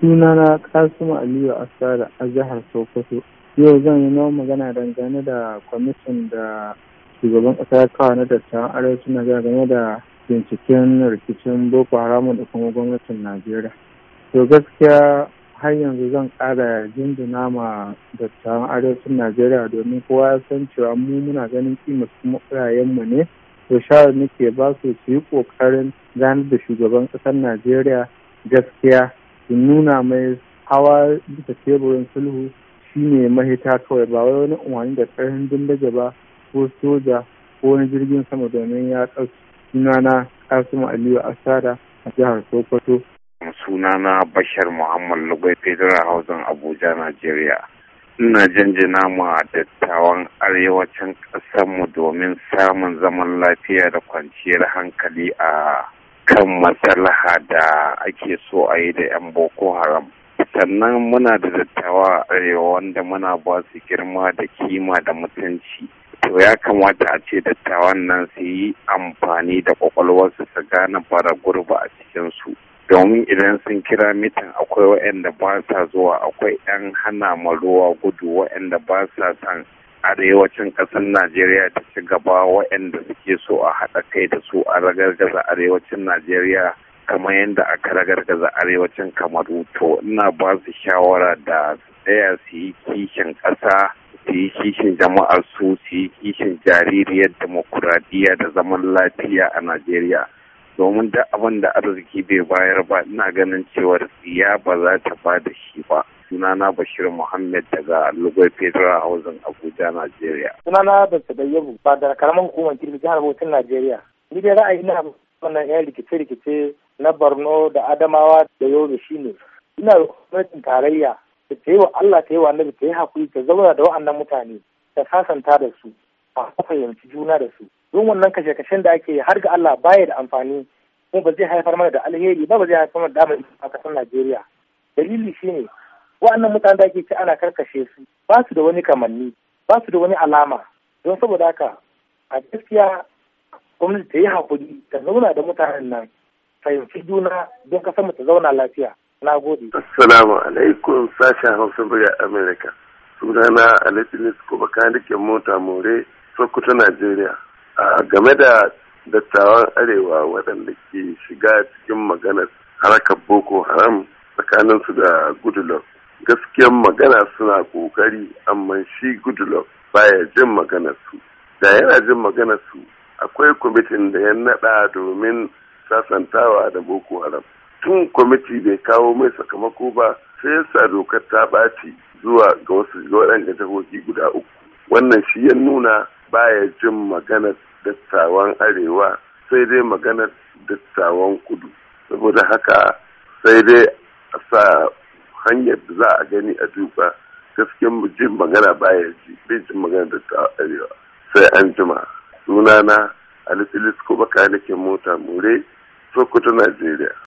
sunana kasimu aliyu asara a jihar sokoto yau zan yi nawa magana dangane da kwamishin da shugaban ƙasa ya kawo na dattawan arewacin najeriya game da binciken rikicin boko haram da kuma gwamnatin najeriya to gaskiya har yanzu zan ƙara jinjina ma dattawan arewacin najeriya domin kowa ya san cewa mu muna ganin kima kuma mu ne to shawarar nake ba su su yi kokarin ganar da shugaban ƙasar najeriya gaskiya sun nuna mai hawa bisa teburin sulhu shine mahita kawai ba wai wani umarni da ƙarfin dindaje ba ko soja ko wani jirgin sama domin ya ƙarfi sunana kasimu aliyu Asada a jihar sokoto sunana bashar muhammad Lugai federal housing abuja nigeria ina janjina ma dattawan arewacin ƙasarmu domin samun zaman lafiya da kwanciyar hankali a kan matsalaha da ake so a yi da 'yan boko haram sannan muna da dattawa arewa wanda muna ba su girma da kima da mutunci to ya kamata a ce dattawan nan su yi amfani da kwakwalwarsu su gane fara gurba a cikinsu domin idan sun kira mitin akwai waɗanda ba sa zuwa akwai 'yan hana ma ruwa gudu waɗanda ba sa san arewacin ƙasar najeriya ta ci gaba waɗanda suke so a haɗa kai da su a ragargaza arewacin najeriya kamar yadda aka ragargaza arewacin kamaru to ina ba su shawara da su tsaya su yi kishin ƙasa su yi kishin jama'a su su yi kishin jaririyar demokuraɗiyya da zaman lafiya a najeriya domin da abin da arziki bai bayar ba ina ganin cewar siya ba za ta ba da shi ba sunana bashir muhammad daga lugoi federal housing abuja nigeria sunana da yabu ba da karamin hukumar kirki jihar bautin nigeria ni dai ra'ayi na wannan yan rikice-rikice na borno da adamawa da yobe shine ina gwamnatin tarayya da ta yi wa allah ta yi wa ta yi hakuri ta zauna da wa'annan mutane ta sasanta da su a fahimci juna da su don wannan kashe-kashen da ake har ga allah baya da amfani kuma ba zai haifar mana da alheri ba ba zai haifar mana da damar a kasar najeriya dalili shine wa'annan mutane da ake ci ana karkashe su ba su da wani kamanni ba su da wani alama don saboda haka a gaskiya gwamnati ta yi hakuri ta zauna da mutanen nan fahimci juna don kasar mu ta zauna lafiya na gode assalamu alaikum sashen hausa murya america sunana alitinis kuma rike mota more sokoto najeriya game da dattawan arewa waɗanda ke shiga cikin maganar harkar boko haram tsakaninsu da goodluck gaskiyan magana suna kokari amma shi goodluck baya jin magana su da yana jin magana su akwai kwamitin da ya nada domin sasantawa da boko haram tun kwamiti bai kawo mai sakamako ba sai ya sa dokar ta ɓaci zuwa ga wasu waɗanda jihohi guda uku wannan shi ya nuna baya jin maganar dattawan arewa sai dai maganar dattawan kudu saboda haka sai dai a sa hanyar da za a gani a duba gaskiyan jin magana baya ji bai jin magana da ta arewa sai an jima sunana alisilis ko baka nake mota mure sokoto najeriya